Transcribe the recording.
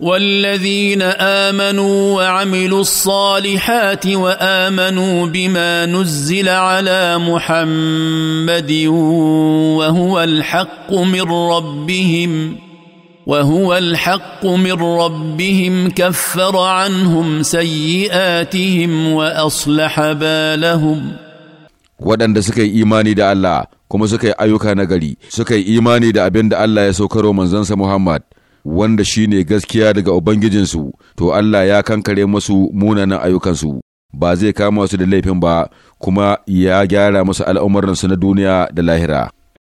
والذين امنوا وعملوا الصالحات وامنوا بما نزل على محمد وهو الحق من ربهم وهو الحق من ربهم كفر عنهم سيئاتهم واصلح بالهم ودن سكي ايماني دا الله كما سكي ايوكا نغري سكي ايماني دا ابن دا الله يسوكرو منزنس محمد wanda shi ne gaskiya daga Ubangijinsu, to Allah ya kankare masu munanan ayyukansu, ba zai kama su da laifin ba, kuma ya gyara masu al'amuransu na duniya da lahira.